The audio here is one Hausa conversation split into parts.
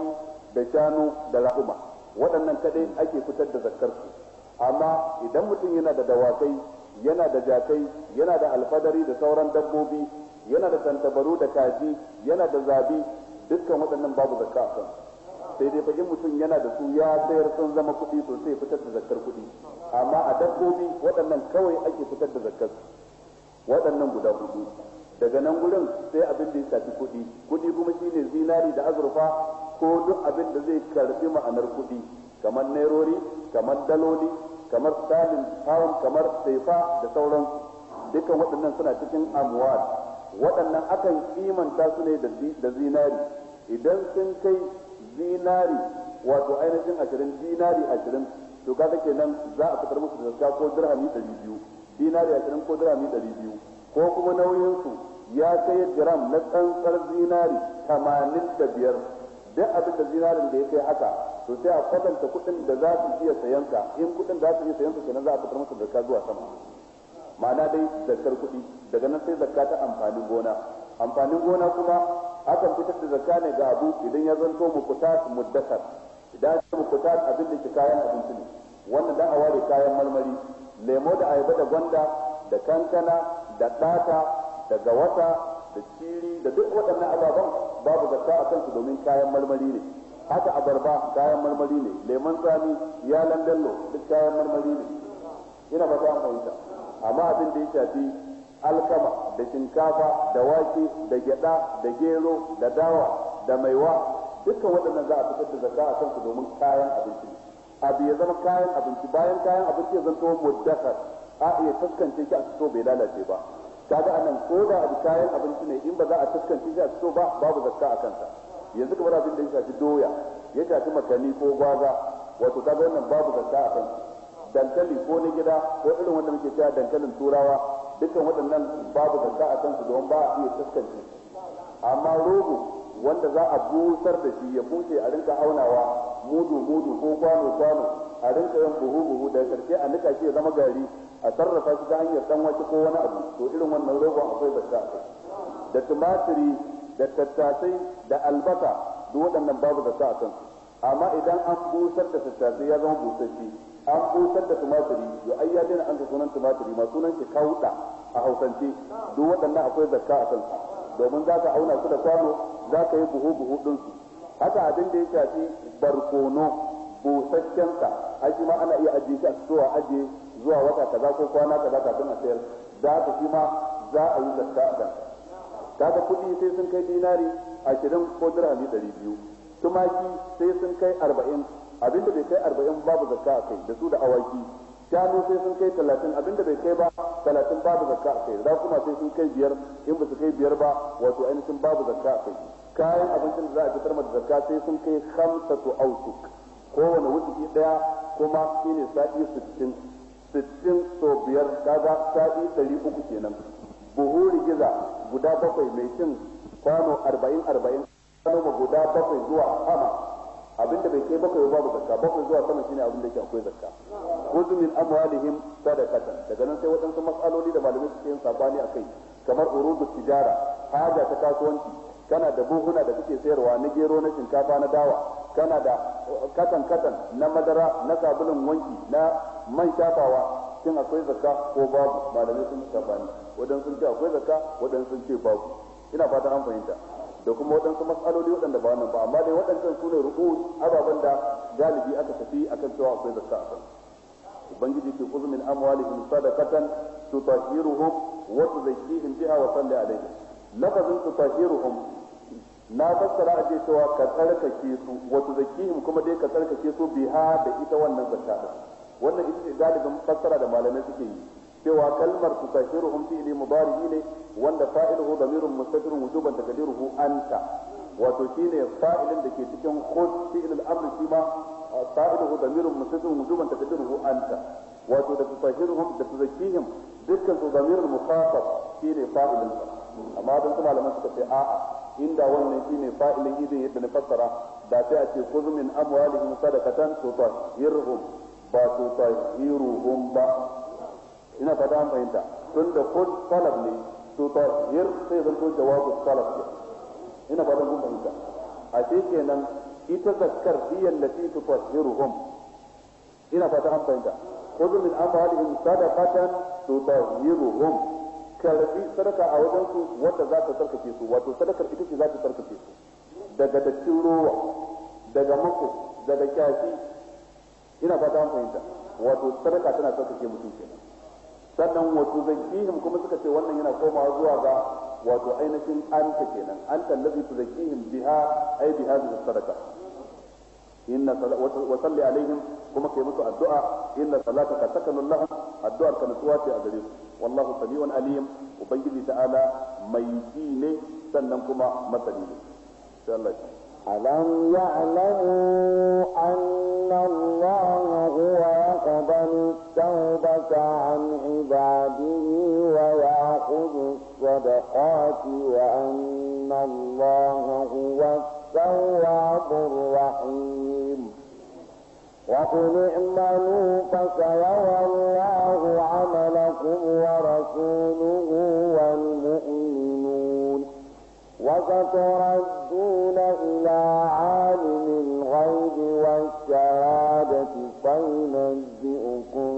awaki da shanu da raƙuma waɗannan kaɗai ake fitar da zakkar su amma idan mutum yana da dawakai yana da jakai yana da alfadari da sauran dabbobi yana da tantabaru da kaji yana da zabi dukkan waɗannan babu zakka a sai dai fagin mutum yana da su ya sayar sun zama kuɗi to sai fitar da zakkar kuɗi amma a dabbobi waɗannan kawai ake fitar da zakkar waɗannan guda hudu daga nan gurin sai abin da ya shafi kuɗi kuɗi kuma shine zinari da azurfa ko duk abin da zai karfi ma'anar kuɗi kamar nairori kamar daloli kamar salin hawan kamar saifa da sauran dukkan waɗannan suna cikin amuwar waɗannan akan kimanta su ne da zinari idan sun kai zinari wato ainihin ashirin zinari ashirin to ka take nan za a fitar musu da ko dirhami ɗari biyu zinari ashirin ko dirhami ɗari biyu ko kuma nauyinsu ya kai gram na tsantsar zinari tamanin da biyar abin da zinarin da ya kai haka to sai a kwatanta kuɗin da za su iya sayan ka in kuɗin za su iya sayan ka kenan za a fitar masa zakka zuwa sama ma'ana dai zakkar kuɗi daga nan sai zakka ta amfanin gona amfanin gona kuma akan fitar da zakka ne ga abu idan ya zanto kuta muddakar idan ya kuta abin da ke kayan abinci ne wannan dan a ware kayan marmari lemo da ayaba da gwanda da kankana da ɗata daga wata da ciri da duk waɗannan ababen babu zakka a kansu domin kayan marmari ne haka abarba kayan marmari ne lemon tsami ya dallo duk kayan marmari ne ina ba ta fahimta amma abin da ya shafi alkama da shinkafa da wake da gyada da gero da dawa da maiwa dukkan waɗannan za a fitar da zakka a kansu domin kayan abinci abu ya zama kayan abinci bayan kayan abinci ya zanto muddakar a iya taskance shi a fito bai lalace ba kaga anan ko da abu kayan abinci ne in ba za a taskance shi a fito ba babu zakka a kansa yanzu kamar abin da ya shafi doya ya shafi makani ko gwaza wato kaga wannan babu zakka a kansa dankali ko na gida ko irin wanda muke cewa dankalin turawa dukkan waɗannan babu zakka a kansu don ba a iya taskance amma rogo wanda za a busar da shi ya bushe a rinka aunawa mudu mudu ko kwano kwano a rinka yin buhu buhu da karshe a nika shi ya zama gari a sarrafa shi ta hanyar dan wasu ko wani abu to irin wannan rogon akwai zakka a kai da tumatiri da tattasai da albasa duk waɗannan babu zakka a kansu amma idan an busar da tattasai ya zama busasshe an busar da tumatiri to ai ya daina an sunan tumatiri ma sunan shi kauda a hausance duk waɗannan akwai zakka a kansu domin za ka auna su da kwano za ka yi buhu buhu ɗinsu haka abin da ya shafi barkono busasshensa ai ma ana iya ajiye shi a a ajiye zuwa wata kaza ko kwana kaza kafin a sayar da ta shi ma za a yi zakka a kan kaga kuɗi sai sun kai dinari ashirin ko dirhami ɗari biyu tumaki sai sun kai arba'in abinda bai kai arba'in babu zakka a kai da su da awaki shanu sai sun kai talatin abinda bai kai ba talatin babu zakka a kai za kuma sai sun kai biyar in ba su kai biyar ba wato ainihin babu zakka a kai kayan abincin da za a fitar mata zakka sai sun kai hamsatu autuk kowane wuce ɗaya kuma shine sati sittin sittin sau biyar kaga sa'i ɗari uku kenan buhu giza guda bakwai mai cin kwano arba'in arba'in kwano guda bakwai zuwa sama abinda bai kai bakwai ba zakka bakwai zuwa sama shine abin da yake akwai zakka kuzu min amwalihim sadaqatan daga nan sai waɗansu matsaloli da malamai suke yin sabani akai kamar urudu tijara haja ta kasuwanci kana da buhuna da kake sayarwa na gero na shinkafa na dawa kana da katan katan na madara na sabulun wanki na Mai shafawa shin akwai zakka ko babu malamai sun sabani wadan sun ce akwai zakka waɗansu sun ce babu ina fata an fahimta da kuma waɗansu matsaloli waɗanda ba wannan ba amma dai waɗancan su ne ruku ababen da galibi aka tafi akan cewa akwai zakka a kan ubangiji ke kuzu min amwalihim sadaqatan tutahhiruhum wa tuzakkihim biha wa salli alaihim lafazin tutahhiruhum na fassara a cewa ka tsarkake su wa tuzakkihim kuma dai ka tsarkake su biha da ita wannan zakka wannan ita ce galibin fassara da malamai suke yi cewa kalmar su tusahiruhum fi'li mudari ne wanda fa'iluhu damirun mustatirun wujuban takdiruhu anta wato shine fa'ilin da ke cikin khud fi'l al-amr shi ma fa'iluhu damirun mustatirun wujuban takdiruhu anta wato da tusahiruhum da tuzakihim dukkan su damirul mukhafaf shine fa'ilin amma dan su malamai suka ce a'a inda wannan shine fa'ilin idin yadda na fassara da sai a ce khudh min amwalihim sadaqatan tutahhiruhum ba su tahiruhum ba ina fata an fahimta tun da kun salaf ne su tahir sai zanto jawabu salaf ne ina fata kun fahimta a ce kenan ita zakkar biyan lati su tahiruhum ina fata an fahimta kudu min amwalihim sadaqatan su tahiruhum karbi sadaka a wajen su wanda za ta sarkace su wato sadakar ita ce za ta sarkace su daga dattin rowa daga mako daga kyashi ina fata an fahimta wato sadaka tana tsarkake mutum ke sannan wato zakihim kuma suka ce wannan yana komawa zuwa ga wato ainihin anta kenan anta allazi tuzakkihim biha ai bi sadaka inna wa salli alaihim kuma kai musu addu'a inna salataka sakanun lahum addu'ar ka nutsuwa ce a gare su wallahu sami'un alim ubangiji ta'ala mai ji ne sannan kuma masani ne sai Allah ya ألم يعلموا أن الله هو يقبل التوبة عن عباده ويأخذ الصدقات وأن الله هو التواب الرحيم وقل اعملوا فسيرى الله عملكم ورسوله والمؤمنون وسترد يخرجون إلى عالم الغيب والشهادة فينبئكم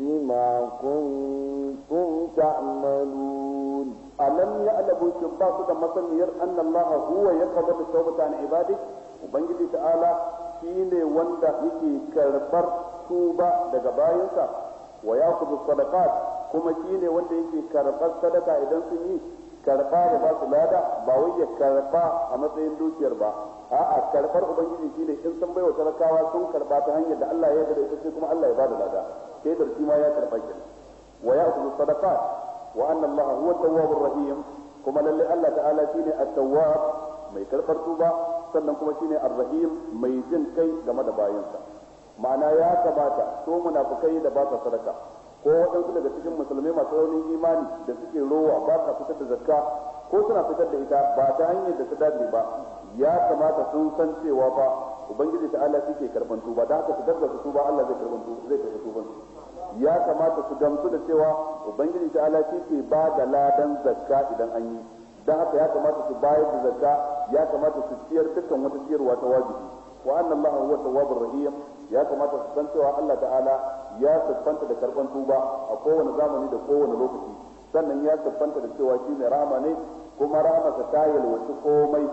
بما كنتم تعملون ألم يعلموا شباك مثل أن الله هو يقبل التوبة عن عباده وبنجد تعالى shine wanda yake karbar tuba daga bayansa wa yakhudhu sadaqat kuma shine wanda yake karbar sadaka idan sun yi karba ya ba su lada ba wai ya karba a matsayin dukiyar ba a'a karfar ubangiji shine in sun baiwa talakawa sun karba ta hanyar da Allah ya yarda ita sai kuma Allah ya ba da lada sai da shi ma ya karba ki wa ya'khudhu sadaqat wa anna Allah huwa tawwabur rahim kuma lalle Allah ta'ala shine at-tawwab mai karbar tuba sannan kuma shine ar-rahim mai jin kai game da bayansa ma'ana ya kamata so munafikai da ba sa sadaka ko waɗansu daga cikin musulmai masu raunin imani da suke rowa ba ka fitar da zakka ko suna fitar da ita ba ta hanyar da ta dace ba ya kamata sun san cewa ba ubangiji ta Allah shi ke karban tuba da haka su su tuba Allah zai karban tuba zai karban tuba ya kamata su gamsu da cewa ubangiji ta Allah shi ke ba da ladan zakka idan an yi dan haka ya kamata su bayar da zakka ya kamata su ciyar dukkan wata ciyarwa ta wajibi wa annallahu huwa tawwabur rahim ya kamata su san cewa Allah ta'ala ya siffanta da karban tuba a kowane zamani da kowane lokaci sannan ya siffanta da cewa shi mai rahama ne kuma rahamarsa ta wasu komai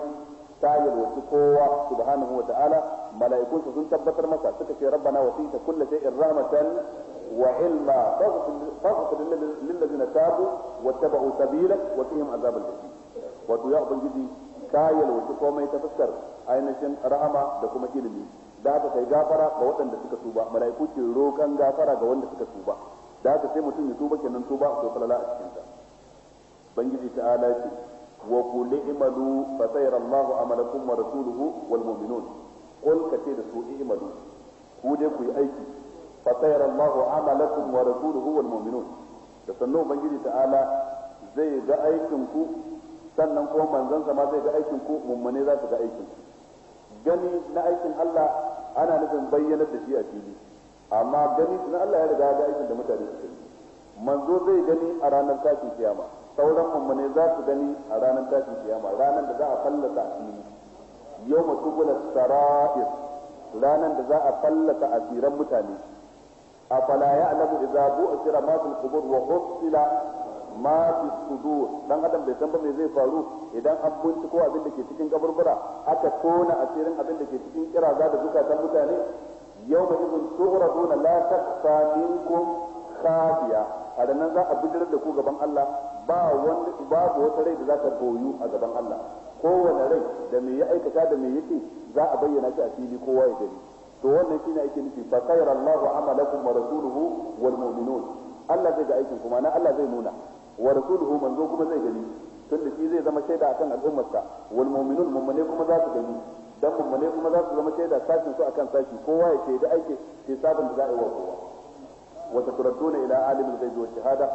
ta wasu kowa subhanahu wa ta'ala mala'ikunsa sun tabbatar masa suka ce rabbana wasita kullu shay'in rahmatan وعلما فاغفر للذين تابوا واتبعوا سبيلك وقهم عذاب الجحيم wato ya ubangiji ka wasu komai ta fuskar ainihin rahama da kuma ilimi da aka kai gafara ga waɗanda suka tuba mala'iku ke roƙan gafara ga wanda suka tuba da aka sai mutum ya tuba kenan tuba a falala a cikin ta bangiji ta ala ce wa qul i'malu fa sayara Allahu amalakum wa rasuluhu wal mu'minun qul ce da su i'malu ku dai ku yi aiki fa sayara Allahu amalakum wa rasuluhu wal mu'minun da sannan bangiji ta ala zai ga aikin ku sannan kuma manzon sa ma zai ga aikin ku mummune za su ga aikin ku gani na aikin Allah ana nufin bayyanar da shi a fili amma gani na Allah ya riga ga aikin da mutane suke yi manzo zai gani a ranar tashin kiyama sauran ne za su gani a ranar tashin kiyama ranar da za a fallasa a fili yau matubula sara'ir ranar da za a fallasa asiran mutane afala ya'lamu idza bu'thira ma fil qubur wa husila ma fi dan adam bai san ba me zai faru idan an binciko abin da ke cikin kaburbura aka tona asirin abin da ke cikin kiraza da zukatan mutane yawma idin tuhraduna la takfa minkum khafiya a nan za a bijirar da ku gaban Allah ba wanda babu wata rai da za ta boyu a gaban Allah kowane rai da me ya aikata da me yake za a bayyana shi a fili kowa ya gani to wannan shine ake nufi fa sayyara Allahu amalakum wa rasuluhu wal mu'minun Allah zai ga aikin kuma na Allah zai nuna wa rasuluhu manzo kuma zai gani da shi zai zama shaida akan al'ummarsa wal mu'minun mummune kuma za su gani dan mummune kuma za su zama shaida sashin su akan sashi kowa ya da aiki ke sabon da za a yi wa kowa wa taturaduna ila alimul ghaibi wash shahada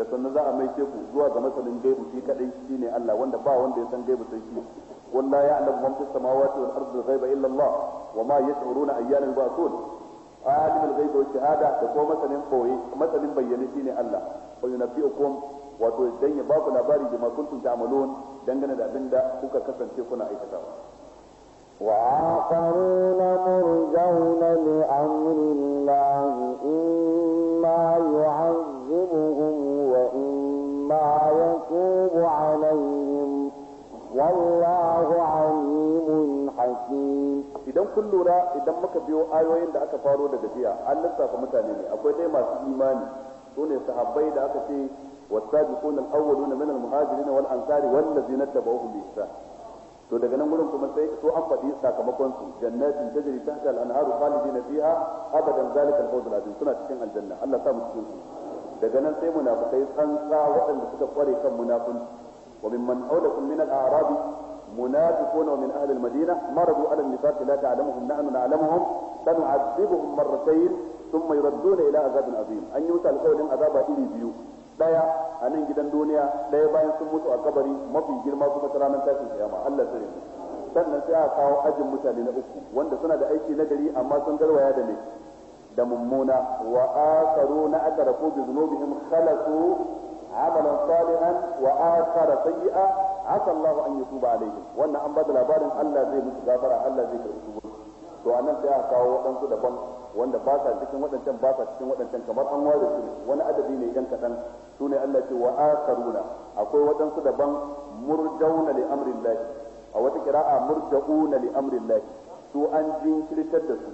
da sannan za a mai ku zuwa ga masanin gaibu shi kadai shine Allah wanda ba wanda ya san gaibu sai shi qul ya ya'lamu man fis samawati wal ardi ghaiba illa Allah wa ma yash'uruna ayyana yub'athun alimul ghaibi wash shahada da ko masanin koyi masanin bayyane shine Allah wa yunabbi'ukum wato dan ya ba ku labari da makuntum ta'malun dangane da abinda kuka kasance kuna aikatawa وآخرون مرجون لأمر الله إما يعذبهم وإما يتوب عليهم wallahu عليم حكيم idan kun lura idan muka biyo ayoyin da aka faro daga jiya an lissafa mutane ne akwai dai masu imani su ne sahabbai da aka ce والسابقون الاولون من المهاجرين والانصار والذين تبعوهم باحسان to daga nan gurin kuma sai so an faɗi sakamakon su jannatin tajri tahta al-anharu khalidina fiha abadan zalika al-fawzul azim suna cikin aljanna Allah sa mu cikin su daga nan sai munafikai tsantsa waɗanda suka kware kan munafunci wa mimman awlakum min al-a'rabi منافقون ومن أهل المدينة مرضوا على النفاق لا تعلمهم نحن نعلمهم سنعذبهم مرتين ثم يردون إلى عذاب عظيم أن يمثل قولهم عذاب إلي بيو daya a nan gidan duniya daya bayan sun mutu a kabari mafi girma kuma ta ranar tashin kiyama Allah sare sannan sai a kawo ajin mutane na uku wanda suna da aiki na gari amma sun garwaya da ne da mummuna wa akharuna ko bi dhunubihim khalasu amalan salihan wa akhara sayyi'a asa an yutuba alaihim wannan an bada labarin Allah zai musu gafara Allah zai karbi to a nan sai a kawo waɗansu daban wanda ba sa cikin waɗancan ba sa cikin waɗancan kamar an ware su wani adabi ne yan kaɗan su ne Allah ce wa akaruna akwai waɗansu daban murjauna li amrillah a wata kira'a murjauna li amrillah su an jinkirtar da su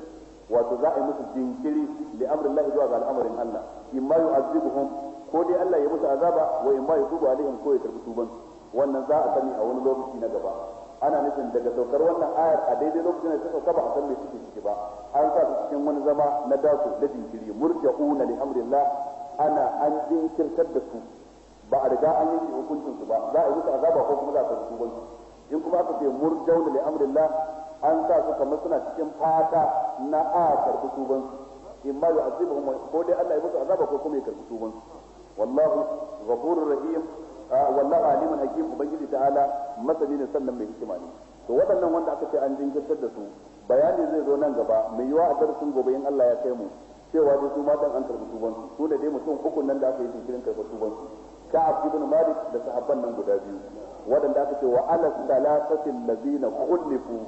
wato za a yi musu jinkiri li amrillah zuwa ga al'amarin Allah in ma yu'azzibuhum ko dai Allah ya musu azaba wa in ma yutubu alaihim ko ya karbi tuban wannan za a sani a wani lokaci na gaba ana nufin daga saukar wannan ayar a daidai lokacin da ta sauka ba a san me suke ciki ba an sa su cikin wani zama na dako na jinkiri murja'una li amrillah ana an jinkirtar da su ba a riga an yanke hukuncin su ba za a yi musu azaba ko kuma za a karɓi wani in kuma aka ce murja'una li amrillah an sa su kamar suna cikin fata na a karɓi tuban su in ma yu'azibuhum ko dai Allah ya musu azaba ko kuma ya karɓi tuban wallahu ghafurur rahim wallahu aliman hakim ubangiji ta'ala masani ne sannan mai hikima ne to waɗannan wanda aka ce an jinkirtar da su bayani zai zo nan gaba mai yiwa a darasin gobe in Allah ya kai mu cewa dai su matan an karɓi tuban su su da dai mutum uku nan da aka yi jinkirin karɓi tuban su ka'ab ibn malik da sahabban nan guda biyu waɗanda aka ce wa ala salatatil ladina khulifu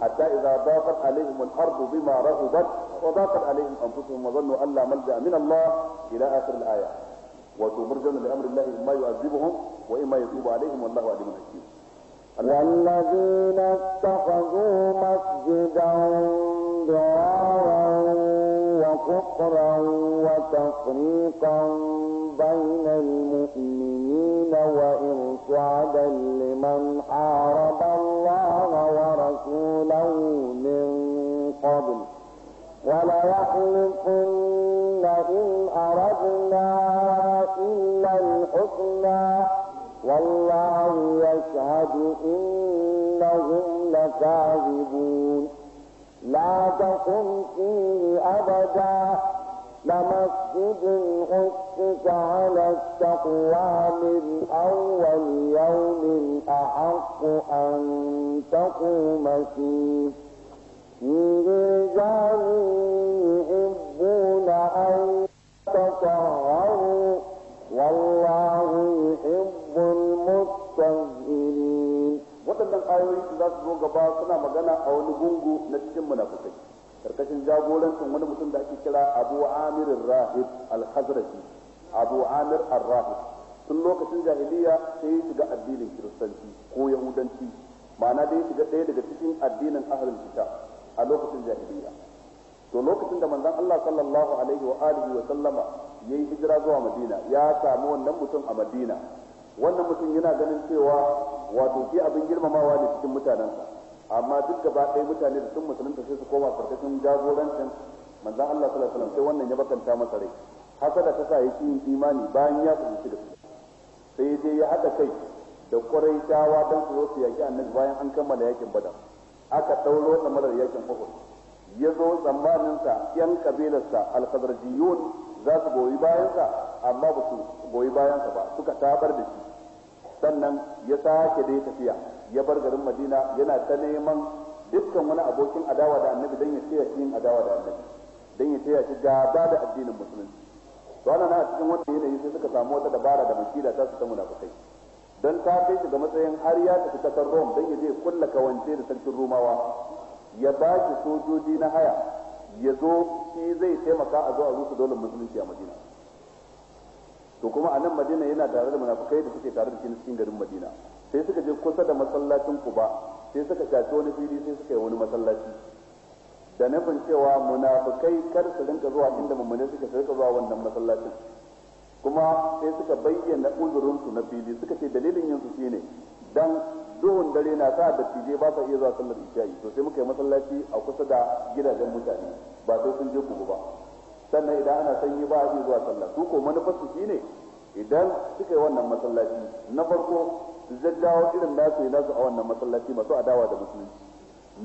حتى إذا ضاقت عليهم الأرض بما رغبت وضاقت عليهم أنفسهم وظنوا أن لا ملجأ allah الله إلى آخر الآية وتمرجون لأمر الله إما يعذبهم وإما يتوب عليهم والله عليم حكيم والذين اتخذوا مسجدا ضرارا وكفرا وتفريقا بين المؤمنين وإرصادا لمن حارب الله ورسوله من قبل وليحلفن والله يشهد إنهم لكاذبون لا تقم فيه أبدا لمسجد أسس على التقوى من أول يوم أحق أن تقوم فيه فيه رجال يحبون أن تطهروا والله ayoyi za su zo gaba suna magana a wani gungu na cikin munafukai karkashin jagorancin wani mutum da ake kira abu amir rahib al abu amir al tun lokacin jahiliya sai ya shiga addinin kiristanci ko yahudanci ma'ana da ya shiga ɗaya daga cikin addinin ahalin kita a lokacin jahiliya to lokacin da manzon Allah sallallahu alaihi wa alihi wa sallama yayi hijira zuwa Madina ya samu wannan mutum a Madina wannan mutum yana ganin cewa wato shi abin girmamawa ne cikin mutanensa amma duk gaba ɗaya mutane da sun musulunta sai su koma farkashin jagorancin manzan Allah sallallahu alaihi sai wannan ya bakanta masa rai haka da ta sa yake yin imani bayan ya fahimci da su sai dai ya haɗa kai da kwarai tawa don su zo su yaƙi annabi bayan an kammala yakin badar aka ɗauro marar yakin uhud ya zo tsammanin sa yan kabilarsa alkhadarjiyun za su goyi bayansa amma ba su goyi bayansa ba suka tabar da shi sannan ya sake dai tafiya ya bar garin madina yana ta neman dukkan wani abokin adawa da annabi don ya taya shi adawa da annabi don ya taya shi gaba da addinin musulunci to ana a cikin wannan yanayi sai suka samu wata dabara da makida ta su ta munafikai don ta kai shi ga matsayin har ya tafi kasar rom don ya je kulla kawance da sarkin rumawa ya ba shi sojoji na haya ya zo shi zai taimaka a zo a rusa dole musulunci a Madina to kuma a nan madina yana tare da munafukai da suke tare da shi na cikin garin madina sai suka je kusa da masallacin kuba sai suka shafi wani fili sai suka yi wani masallaci da nufin cewa munafukai kar su rinka zuwa inda mummune suka su rinka zuwa wannan masallacin kuma sai suka bayyana uzurinsu na fili suka ce dalilin yin su ne don duhun dare na sa da tije ba sa iya zuwa sallar isha'i sosai muka yi masallaci a kusa da gidajen mutane ba sai sun je kuba ba sannan idan ana sanyi ba a yi zuwa sallah su ko manufarsu ne idan suka yi wannan masallaci na farko dawo irin nasu yi nasu a wannan masallaci masu adawa da musulunci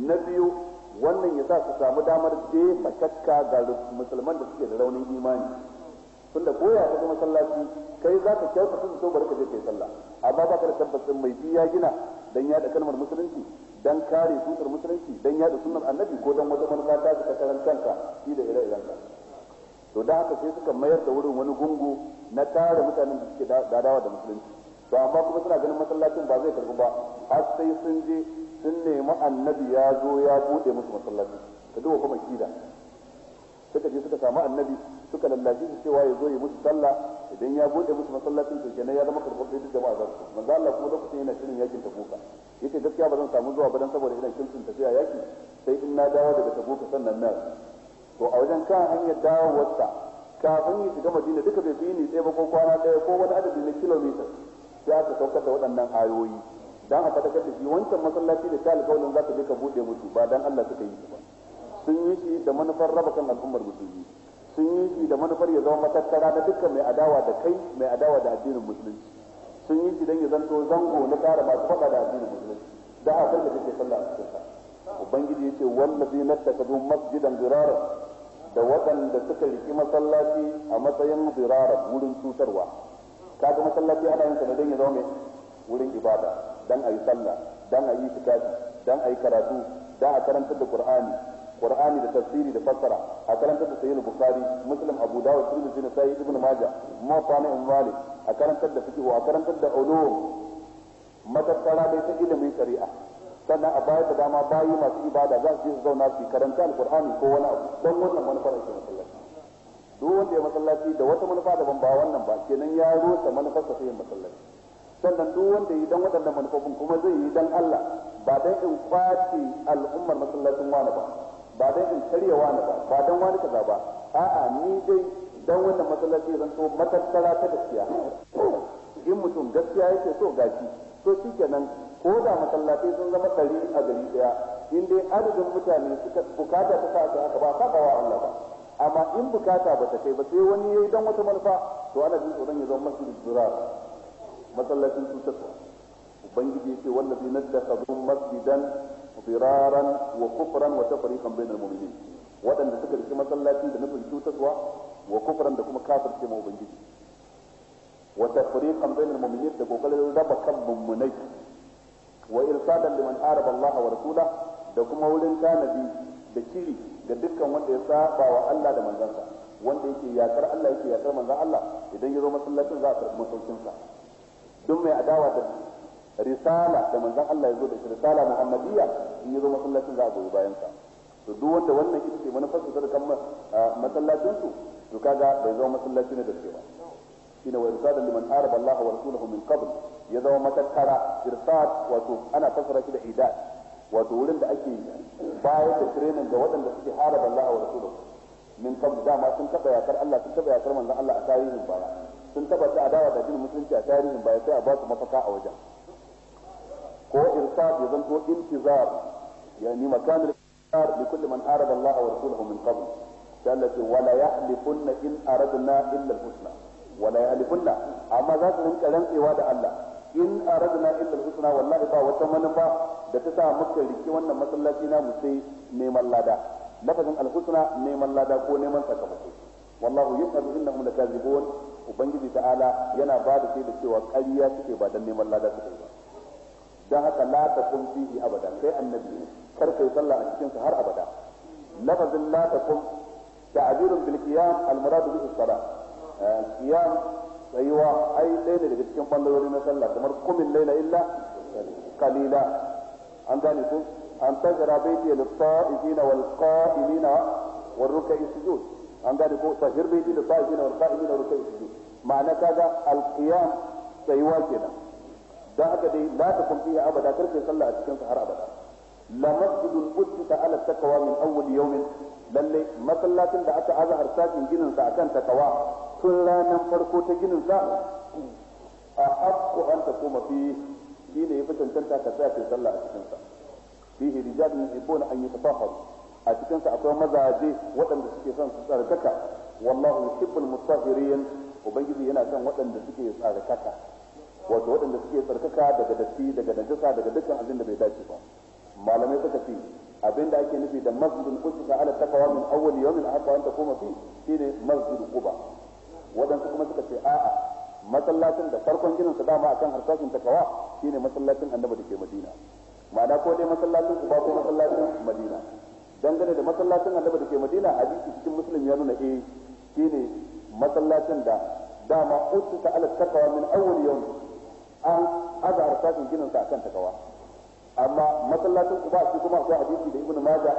na biyu wannan ya sa su samu damar jefa shakka ga musulman da suke da raunin imani tunda koya ta ga masallaci kai za ka kyauta su so bari ka je kai sallah amma ba ka da tabbacin mai biya gina dan yada kalmar musulunci dan kare tutar musulunci dan yada sunnar annabi ko dan wata manufa ta ka karantanka shi da ire-irenka to da haka sai suka mayar da wurin wani gungu na tare mutanen da suke dadawa da musulunci to amma kuma suna ganin masallacin ba zai karbu ba har sai sun je sun nemi annabi ya zo ya bude musu masallaci ka duba kuma kida suka je suka samu annabi suka lallace su cewa ya zo ya musu sallah idan ya bude musu masallacin to kenan ya zama karɓar da duk jama'a za manzo Allah kuma lokacin yana shirin yakin tabuka yace gaskiya ba zan samu zuwa ba dan saboda ina kin tafiya yaki sai in na dawo daga tabuka sannan na to a wajen kan hanyar dawowarsa kafin ya shiga madina duka bai fi ni sai ba ko kwana ɗaya ko wani adadi na kilomita ya ka saukar da waɗannan ayoyi dan a faɗakar da shi wancan masallaci da ta alƙawarin za ka je ka buɗe musu ba dan Allah suka yi ba sun yi shi da manufar raba kan al'ummar musulmi sun yi shi da manufar ya zama matattara na dukkan mai adawa da kai mai adawa da addinin musulunci sun yi shi don ya zanto zango na tsara masu faɗa da addinin musulunci da a kan da take sallah a cikin sa ubangiji yace wallazi nattakadu masjidan zirara da waɗanda suka riki masallaci a matsayin zirara wurin cutarwa kaga masallaci ana yin sanadin ya zama wurin ibada dan a yi sallah dan a yi tikafi dan a yi karatu dan a karantar da qur'ani qur'ani da tafsiri da fassara a karantar da sayyid bukhari muslim abu dawud tirmidhi da sayyid ibnu majah muwatta na imam a karantar da fiqh a karantar da ulum matattara dai ta ilimin shari'a sannan a bayar da dama bayi masu ibada za su zauna su karanta alkur'ani ko wani abu don wannan manufar ake masallaci duk wanda ya masallaci da wata manufa daban ba wannan ba kenan ya rusa manufarsa sai ya masallaci sannan duk wanda ya yi dan waɗannan manufofin kuma zai yi dan Allah ba dan in kwace al'ummar masallacin wani ba ba dan in karya wani ba ba dan wani kaza ba a'a ni dai dan wannan masallaci zan so matattara ta gaskiya in mutum gaskiya yake so gashi to shikenan ko da masallatai sun zama ɗari a gari ɗaya in dai adadin mutane suka bukata ta sa haka ba saba wa Allah ba amma in bukata ba ta kai ba sai wani yayi dan wata manufa to ana jin tsoron ya zama masjidul zurar masallacin cutarwa ubangiji yace wallazi naddaka masjidan firaran wa kufran wa tafriqan bainal mu'minin waɗanda suka rike masallaci da nufin cutarwa wa kufran da kuma kafirce ma ubangiji wa tafriqan bainal mu'minin da kokarin raba kan mummunai wa irsadan liman araba Allah wa rasula da kuma wurin tanadi da kiri ga dukkan wanda ya saba wa Allah da manzansa wanda yake yakar Allah yake yakar manzon Allah idan ya zo masallacin za a karɓi masaukin sa mai adawa da risala da manzon Allah ya zo da risala muhammadiyya in ya zo masallacin za a goyi bayansa sa to duk wanda wannan ita ce manufar su da kan ah, masallacin su kaga bai zo masallaci ne da ba shine wa irsada liman araba Allah wa rasuluhu min qabl ya zama matakara irsad wato ana fassara shi da ida wato wurin da ake bayar da training ga waɗanda suke haraba Allah wa rasuluhu min qabl dama sun taba yakar Allah sun taba yakar manzon Allah a tarihin baya sun taba ta adawa da jin musulunci a tarihin baya sai a ba su mafaka a wajen ko irsad ya zanto intizar yani makanul irsad li kulli man araba Allah wa rasuluhu min qabl قال ولا يحلفن إن أردنا إلا الحسنى wala yahlifunna amma za su rinka rantsewa da Allah in a aradna illa husna wallahi ba wata manufa da ta sa muka riki wannan masallaci na mu sai neman lada lafazin alhusna neman lada ko neman sakamako wallahu yashhadu innahum lakazibun ubangiji ta'ala yana ba da da cewa ƙarya suke ba dan neman lada suke ba dan haka la taqum fihi abada kai annabi kar kai sallah a cikin har abada lafazin la taqum ta'birun bil qiyam al murad bihi salat qiyam tsayuwa ai ɗaya ne daga cikin bangarori na sallah kamar kumin laila illa kalila an gane ku an tajara baiti lil ta'ifina wal qa'imina wal ruk'i sujud an gane ko tahir baiti lil ta'ifina wal qa'imina wal ruk'i sujud ma'ana kaga al qiyam tsayuwa kenan dan haka dai la ta kun fiya abada karke sallah a cikin har abada la masjidul buddha ala taqwa min awwal yawmin lalle masallacin da aka azhar sakin ginin sa akan taqwa tun ranar farko ta ginin sa a haƙƙo an ta koma fi shi ne ya fi cancanta ka tsaya kai sallah a cikin cikinsa fihi rijalun yuhibbuna an yatafahharu a cikin sa akwai mazaje waɗanda suke son su tsarkaka wallahu yuhibbul mutahhirin ubangiji yana son waɗanda suke tsarkaka wato waɗanda suke tsarkaka daga datti daga najasa daga dukkan abin da bai dace ba malamai suka ce abin da ake nufi da masjidin kusa ala takawa min awwal yawmin haqqan an takuma fi shine masjid quba waɗansu kuma suka ce a'a masallacin da farkon ginin su dama akan harsashin takawa shine masallacin annabi da ke madina ma'ana ko dai masallacin ba ko masallacin madina dangane da masallacin annabi da ke madina hadisi cikin musulmi ya nuna eh shine masallacin da dama utu ta ala takawa min awwal yawm an aza harsashin ginin sa akan takawa amma masallacin uba shi kuma akwai hadisi da ibnu majah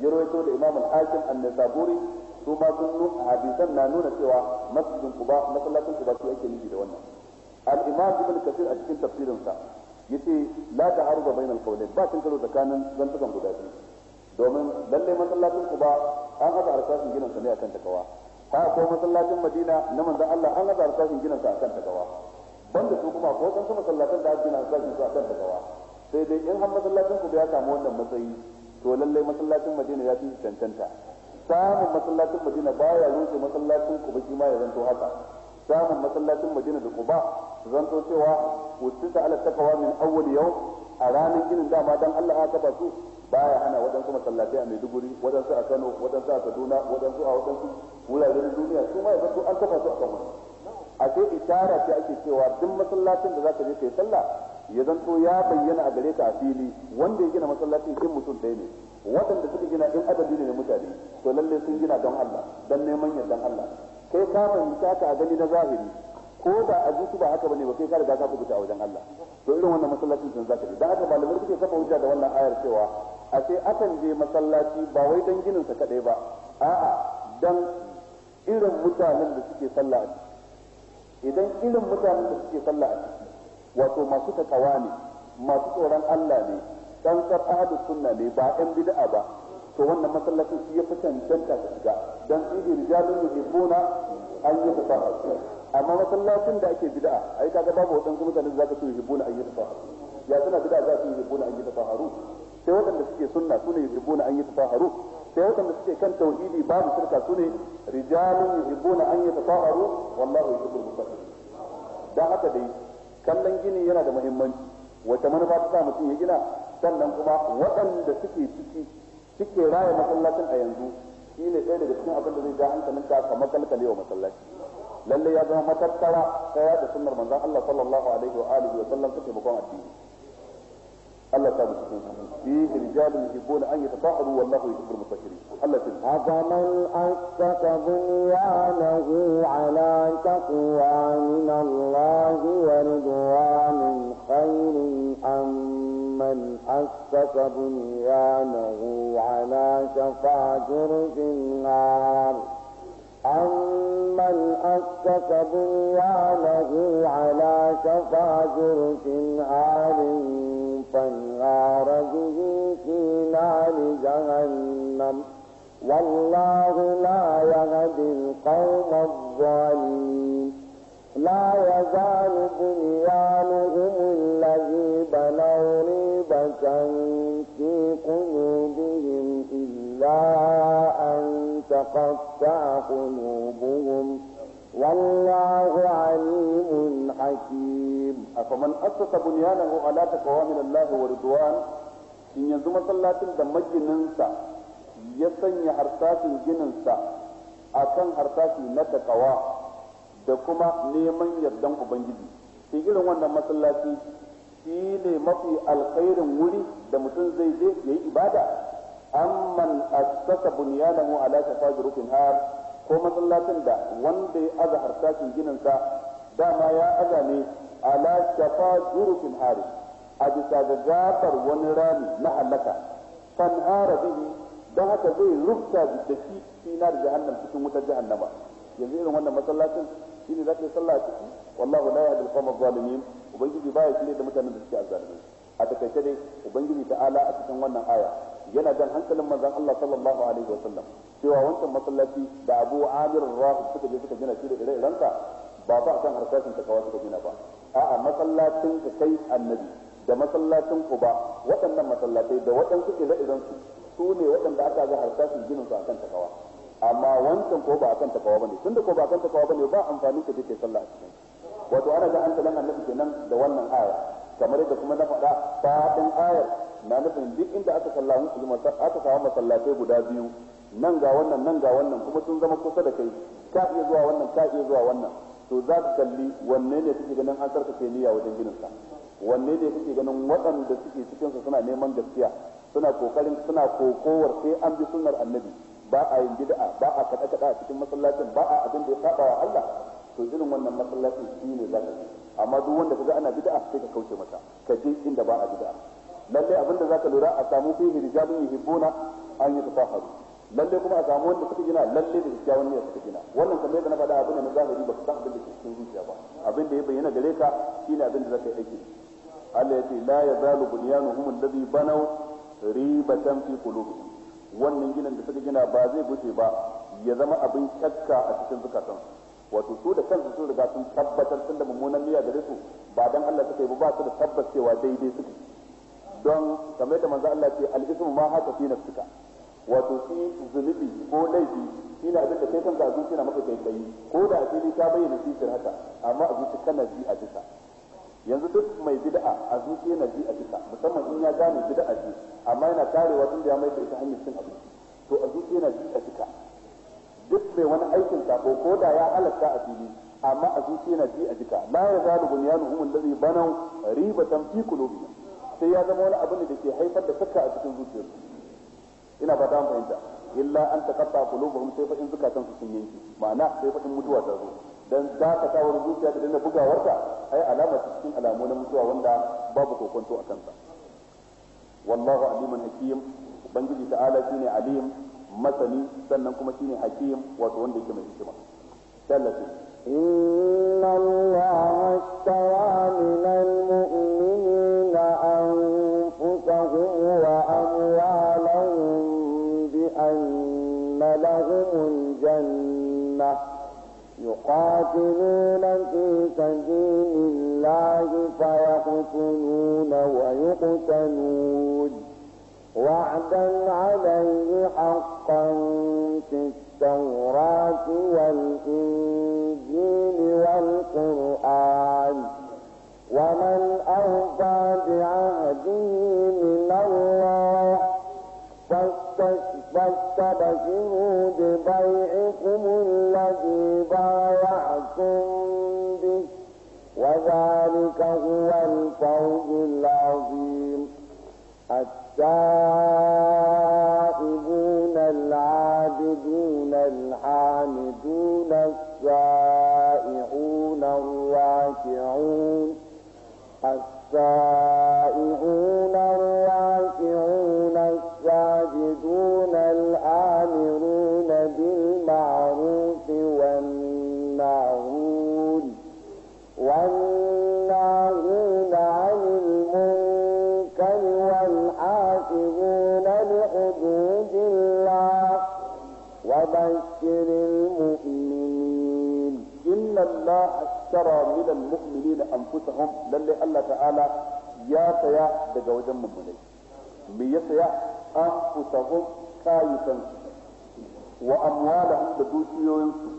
ya rawaito da Imam al-Hakim an-Nisaburi su ma sun hadisan na nuna cewa masjidin Quba masallacin Quba shi ake nufi da wannan al-Imam Ibn Kathir a cikin tafsirin sa yace la ta'aruda bainal qawlain ba cin karo tsakanin zantukan guda biyu domin lalle masallacin kuba an haɗa harkashin ginin sa ne akan takawa ha akwai masallacin Madina na manzon Allah an haɗa harkashin ginin sa akan takawa banda su kuma ko san su da ake nan sa akan takawa sai dai in har masallacin kuba ya samu wannan matsayi to lallai masallacin madina ya fi cancanta samun masallacin madina baya rushe masallacin kuba shi ma ya zanto haka samun masallacin madina da kuba zanto cewa usita ala takawa min awwal yau a ranar ginin dama dan Allah aka kafa su baya hana waɗansu masallatai a Maiduguri waɗansu a Kano waɗansu a Kaduna waɗansu a waɗansu wuraren duniya su ma ya zanto an kafa su a kan a ce isara ce ake cewa duk masallacin da za ka je kai sallah ya zanto ya bayyana a gare ka a fili wanda ya gina masallacin in mutum ɗaya ne waɗanda suka gina in adadi ne mutane to lalle sun gina don Allah don neman yardan Allah kai ka fahimta ka a gani na zahiri ko da a zuci ba haka bane ba kai ka riga ka kubuta a wajen Allah to irin wannan masallacin sun zaka ji dan haka malamai suke kafa hujja da wannan ayar cewa a ce akan je masallaci ba wai dan ginin sa kadai ba a'a dan irin mutanen da suke sallah idan irin mutanen da suke sallah a ciki wato masu takawa ne masu tsoron Allah ne dan sar ahadu sunna ne ba ɗan bid'a ba to wannan masallacin shi ya fi cancanta ta shiga dan fihi rijalun yuhibbuna an yi ta yatafarraqu amma masallacin da ake bid'a ai kaga babu wadansu mutane da zaka yi yuhibbuna an yi ta yatafarraqu ya suna bid'a za su yi yuhibbuna an yi ta yatafarraqu sai waɗanda suke sunna yi yuhibbuna an yi ta yatafarraqu sai waɗanda suke kan tauhidi babu shirka su ne rijalun yuhibbuna an yatafa'aru wallahu yuhibbul mutafakkirin dan haka dai kallon gini yana da muhimmanci wata manufa ta mutum ya gina sannan kuma waɗanda suke ciki suke raya masallacin a yanzu shi ne ɗaya daga cikin abin da zai ja hankalin ka kamar kalkale wa masallaci lalle ya zama matattara ta yada sunnar manzon Allah sallallahu alaihi wa alihi wa sallam ta taimakon addini الله ta في فيه رجال يحبون ان يتطهروا والله يحب المطهرين التي افمن اسس بنيانه على تقوى من الله ورضوان خير ام من اسس بنيانه على شفا جرف النار أمن أسس بنيانه على شفا جرس آلٍ استنار به في نار جهنم والله لا يهدي القوم الظالمين لا يزال بنيانهم الذي بنوا ريبة في قلوبهم إلا أن تقطع قلوبهم والله عليم حكيم أفمن أسس بنيانه على تقوى من الله ورضوان إن ينزم صلاة دمج ننسى يسن حرسات جننسى أكن حرسات نتقوى da kuma neman yardan Ubangiji shi irin wannan masallaci shi ne mafi alkhairin wuri da mutum zai je ya yi ibada amman assasa bunyanahu ala shafa rufin har ko masallacin da wanda ya aza harsashin gininsa dama ya aza ne ala shafa jurufin hari a bisa ga gabar wani rami na halaka fan hara bihi don haka zai rufta da shi da jahannam cikin wutar jahannama yanzu irin wannan masallacin shi ne za ka yi sallah ciki wallahu la yahdil qawma zalimin ubangiji baya shirye da mutanen da suke azzalimi a takaice dai ubangiji ta'ala a cikin wannan aya yana jan hankalin manzon Allah sallallahu alaihi wa sallam cewa wancan masallaci da abu amir rahib suka je suka gina shi da ire irenka ba ba kan harsashin ta suka gina ba a'a masallacin ka kai annabi da masallacin ku ba waɗannan masallatai da waɗansu ire iren su su ne waɗanda aka ga harsashin ginin su a akan takawa amma wancan ko ba a akan takawa bane tunda ko ba a kan takawa bane ba amfani ka je kai sallah a cikin wato ana ga an talan annabi kenan da wannan aya kamar yadda kuma na faɗa fadin ayar na nufin duk inda aka sallahu musulman aka samu masallatai guda biyu nan ga wannan nan ga wannan kuma sun zama kusa da kai ka iya zuwa wannan ka iya zuwa wannan to za ka kalli wanne ne kake ganin an ke niyya wajen ginin sa wanne ne kake ganin waɗanda suke cikin sa suna neman gaskiya suna kokarin suna kokowar sai an bi sunnar annabi ba a yin bid'a ba a kada kada cikin masallacin ba a abin da ya saba wa Allah to irin wannan masallacin shi ne za ka amma duk wanda kaga ana bid'a sai ka kauce mata ka je inda ba a bid'a lalle abin da zaka lura a samu fihi rijalun yuhibbuna an yatafaharu lalle kuma a samu wanda suka gina lalle da kyakkyawan niyya suka gina wannan kamar yadda na faɗa abu ne na zahiri ba ka san abin da ke cikin zuciya ba abin da ya bayyana gare ka shine abin da zaka yi aiki Allah ya ce la yazalu bunyanuhum alladhi banaw ribatan fi qulubihim wannan ginin da suka gina ba zai guje ba ya zama abin shakka a cikin zukatansu wato su da kansu sun riga sun tabbatar sun da mummunan niyya gare su ba dan Allah suka yi ba su da tabbas cewa daidai suke don kamar yadda manzo Allah ce al-ismu ma haka fi nafsika wato shi zunubi ko laifi shi ne abin da kai kanka a zuci na maka kai ko da a fili ka bayyana sisir haka amma a zuci kana ji a jika. yanzu duk mai bid'a a zuci yana ji a jika musamman in ya gane bid'a ce amma yana karewa tun da ya mai da ita hanyar cin abinci to a zuci yana ji a jika. duk mai wani aikin sako ko da ya halatta a fili amma a zuci yana ji a jika la ya zalu bunyanuhum allazi banaw ribatan fi qulubihim sai ya zama wani abin da ke haifar da saka a cikin zuciyarsu ina ba dama fahimta illa an kafa kulubuhum sai fa in zukatan su sun yanke ma'ana sai fa in mutuwa ta zo dan wani zuciya da dinga bugawarta ai alama cikin alamu na mutuwa wanda babu kokonto a kansa wallahu alimun hakim ubangiji ta'ala shine alim masani sannan kuma shine hakim wato wanda yake mai hikima sallatu inna allaha istawaa minal يقاتلون في سبيل الله فيقتلون ويقتلون وعدا عليه حقا في التوراة والإنجيل saya anfusahum kayutansu wa amwalahum da dukiyoyinsu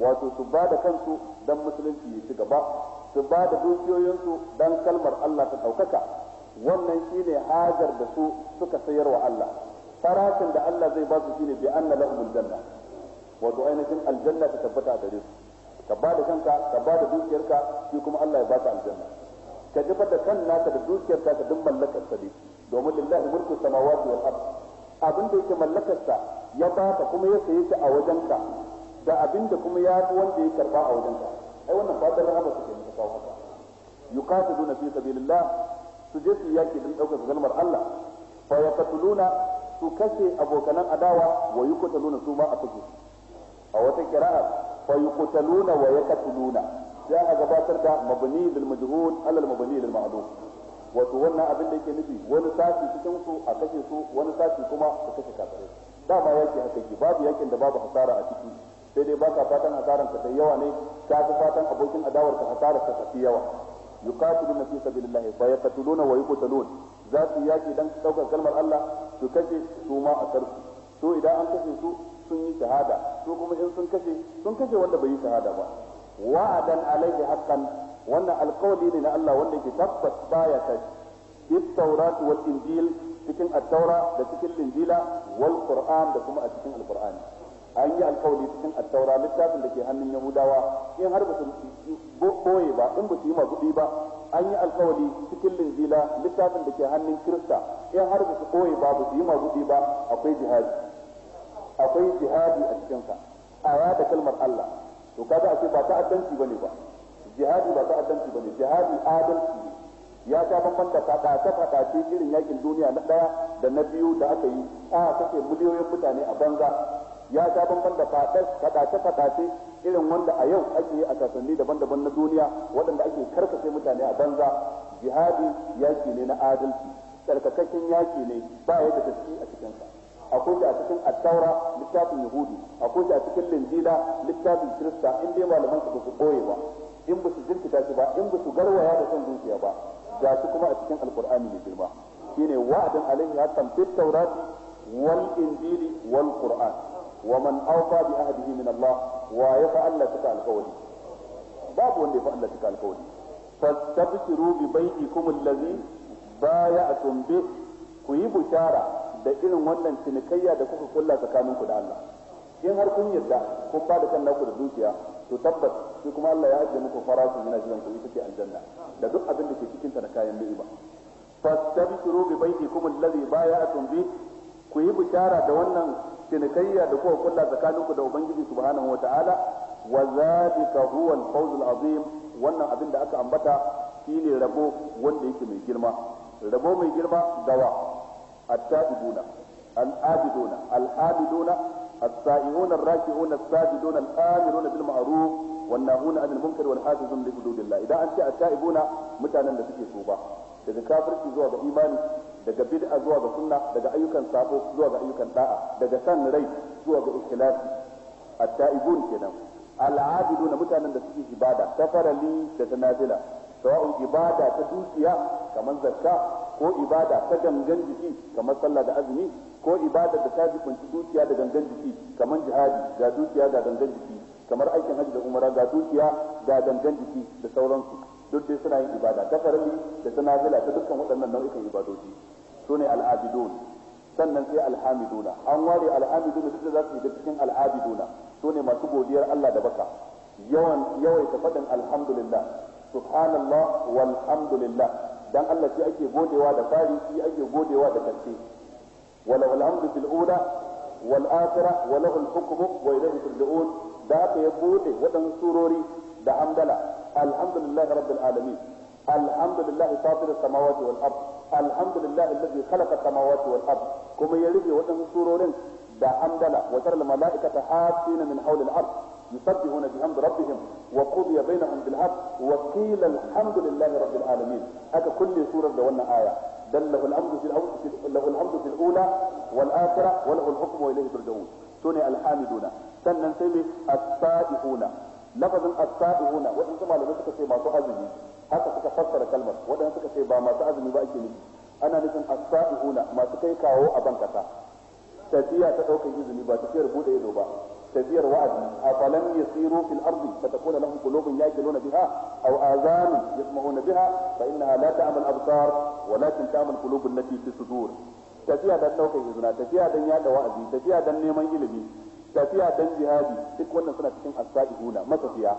wato su ba da kansu dan musulunci ya ci gaba su ba da dukiyoyinsu dan kalmar Allah ta ɗaukaka wannan shine hajar da su suka sayar wa Allah farashin da Allah zai ba su shine bi anna lahumul janna wato ainihin aljanna ta tabbata gare su ka ba da kanka ka ba da dukiyarka shi kuma Allah ya ba ka aljanna ka jifar da kan naka da dukiyarka ka duk mallakar sa domin lillahi mulku samawati wal ard abin da yake mallakarsa ya baka kuma ya saye shi a wajenka da abin da kuma ya fi wanda ya karba a wajenka ai wannan fadar rahama suke ne kawo haka yuqatiluna fi sabilillah su je su yaki din daukar kalmar Allah fa yaqtuluna su kashe abokanan adawa wa yuqtaluna su ma a kashe a wata kira'a fa yuqtaluna wa yaqtuluna sai a gabatar da mabni lil ala alal mabni lil wato wannan abin da yake nufi wani sashi cikin su a kashe su wani sashi kuma su kashe kafirai dama yaki haka yake babu yakin da babu hasara a ciki sai dai baka fatan hasaran ka sai yawa ne ka fi fatan abokin adawar ka hasarar ka tafi yawa yuqatiluna fi sabilillah fa yaqtuluna wa yuqtalun za su yaki dan daukar kalmar Allah su kashe su ma a karsu to idan an kashe su sun yi shahada su kuma in sun kashe sun kashe wanda bai yi shahada ba wa'adan alaihi haqqan wannan alkawali ne na Allah wanda ke tabbas baya tashi fit taurat wal injil cikin at-taura da cikin injila wal qur'an da kuma a cikin al-qur'ani an yi alkawali cikin at-taura littafin da ke hannun yahudawa in har ba su boye ba in ba su yi magudi ba an yi alkawali cikin linjila littafin da ke hannun kirista in har ba su boye ba ba su yi magudi ba akwai jihadi akwai jihadi a cikinsa a da kalmar Allah to kaga a ce ba ta'addanci bane ba jihadi ba ta'addanci bane jihadi adalci ne ya ta bambanta ta irin yakin duniya na daya da na biyu da aka yi a kace miliyoyin mutane a banza ya ta bambanta fada irin wanda a yau ake yi a kasanni daban-daban na duniya waɗanda ake karkace mutane a banza jihadi yaki ne na adalci tsarkakakken yaki ne ba ya da tafi a cikinsa a shi a cikin attaura littafin yahudi a shi a cikin linjila littafin kirista in dai malaman su ba su ɓoye ba in ba su jirkita shi ba in ba su garwaya da son zuciya ba ga kuma a cikin alkur'ani mai girma shine wa'adin alaihi haqqan fit tawrati wal injili wal qur'an wa man awfa bi ahdihi min Allah wa ya fa Allah taka alqawli babu wanda ya fa Allah taka alqawli fastabshiru bi bai'ikum allazi bay'atum bi ku yi bushara da irin wannan cinikayya da kuka kulla tsakaninku da Allah in har kun yarda kun ba da kan naku da zuciya to tabbas shi kuma Allah ya ajiye muku farashin yana jiran ku ita aljanna da duk abin da ke cikin ta da kayan ni'ima fastabshiru bi baitikum alladhi bay'atum bi ku yi bishara da wannan cinikayya da kuka kulla tsakaninku da ubangiji subhanahu wataala wa zalika huwa al-fawz al-azim wannan abin da aka ambata shine rabo wanda yake mai girma rabo mai girma gawa at-taibuna al-abiduna al-abiduna as-sa'ihuna ar-raki'una as-sajiduna al-amiruna bil ma'ruf wan nahuna 'anil munkar wal hafizuna li hududillah idan an ce at mutanen da suke tuba daga kafirci zuwa ga imani daga bid'a zuwa ga sunna daga ayyukan sabo zuwa ga ayyukan da'a daga san rai zuwa ga ikhlasi at-ta'ibun kenan al-'abiduna mutanen da suke ibada tafarali da tanazila sawa'un ibada ta dukiya kamar zakka ko ibada ta gangan jiki kamar sallah da azumi ko ibada da ta jibanci dukiya da gangan jiki kamar jihadi ga dukiya ga gangan jiki kamar aikin hajji da umara ga dukiya ga gangan jiki da sauransu duk dai suna yin ibada ta farali da ta ta dukkan waɗannan nau'ikan ibadoji su ne al'abidun sannan sai alhamiduna an ware alhamiduna duk da za su yi cikin al'abiduna su ne masu godiyar Allah da baka yawan yawaita faɗin alhamdulillah subhanallah walhamdulillah dan Allah shi ake godewa da fari shi ake godewa da karshe wala alhamdu fil ula wal akhirah wa lahu al hukmu wa ilayhi turja'un da aka ya bude wadan surori da hamdala alhamdulillah rabbil alamin alhamdulillah fatir samawati wal ard alhamdulillah alladhi khalaqa samawati wal ard kuma ya rufe wadan surorin da hamdala wa taral malaikata hafina min hawli al ard يسبحون بحمد ربهم وقضي بينهم بالحق وقيل الحمد لله رب العالمين هذا كل سورة دولنا آية بل له الحمد في الأول له الحمد في الأولى والآخرة وله الحكم وإليه ترجعون سنة الحامدون سنة سيمي السائحون lafazin as-sa'ihuna waɗansu malamai suka ce masu azumi haka suka fassara kalmar waɗansu suka ce ba masu azumi ba ake nufi ana nufin as-sa'ihuna masu kai kawo a ban kasa tafiya ta ɗaukar izini ba tafiyar bude ido ba tafiyar wa'azi afalam yasiru fil ardi fatakuna lahum qulubun yaqiluna biha aw azanu yasma'una biha fa innaha la ta'mal absar walakin ta'mal qulubun lati fi sudur tafiya dan daukar izina tafiya dan yada wa'azi tafiya dan neman ilimi tafiya dan jihadi duk wannan suna cikin as-sa'ihuna matafiya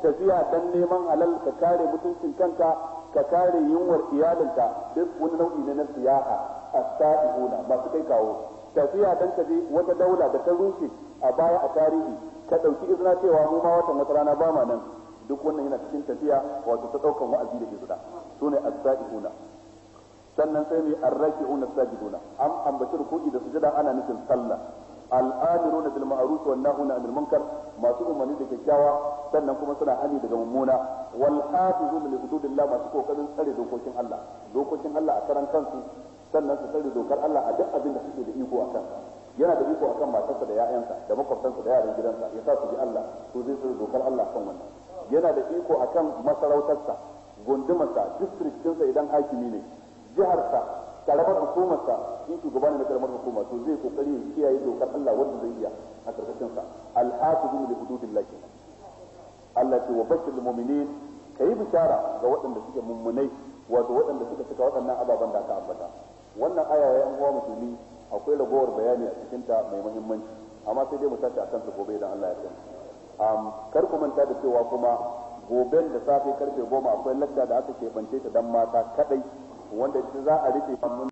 tafiya dan neman halal ka kare mutuncin kanka ka kare yunwar iyalinka duk wani nau'i ne na siyaha as-sa'ihuna masu kai kawo tafiya dan ka je wata daula da ta rushe a baya a tarihi ka ɗauki izina cewa mu ma watan wata rana ba ma nan duk wannan yana cikin tafiya wato ta ɗaukan wa'azi da izina su ne as-sa'ihuna sannan sai mai arraki'una sajiduna an ambaci ruku'i da sujada ana nufin sallah al'amiruna bil ma'ruf nahu nahuna 'anil munkar masu umarni da kyakkyawa sannan kuma suna hani daga mummuna wal hafizun li hududillah masu kokarin tsare dokokin Allah dokokin Allah a karan kansu sannan su tsare dokar Allah a duk abin da suke da iko a kansa yana da iko akan matarsa da ƴaƴansa da makwabtansa da yaran gidansa ya sa su bi Allah to zai tsare dokar Allah kan wannan yana da iko akan masarautarsa gundumarsa districtinsa idan hakimi ne jiharsa karamar hukumarsa in shugaba ne na karamar hukuma to zai kokari ya kiyaye dokar Allah wanda zai iya a karkashin sa al-hafizun li hududillah Allah ce wa bashir mu'minin kai bishara ga waɗanda suke mummunai wato waɗanda suka cika waɗannan ababen da aka ambata wannan aya ya yan uwa musulmi akwai ragowar bayani a cikinta mai muhimmanci amma sai dai mu tashi akan su gobe idan Allah ya kai kar ku manta da cewa kuma goben da safe karfe goma akwai lacca da aka keɓance ta dan mata kadai wanda za a rufe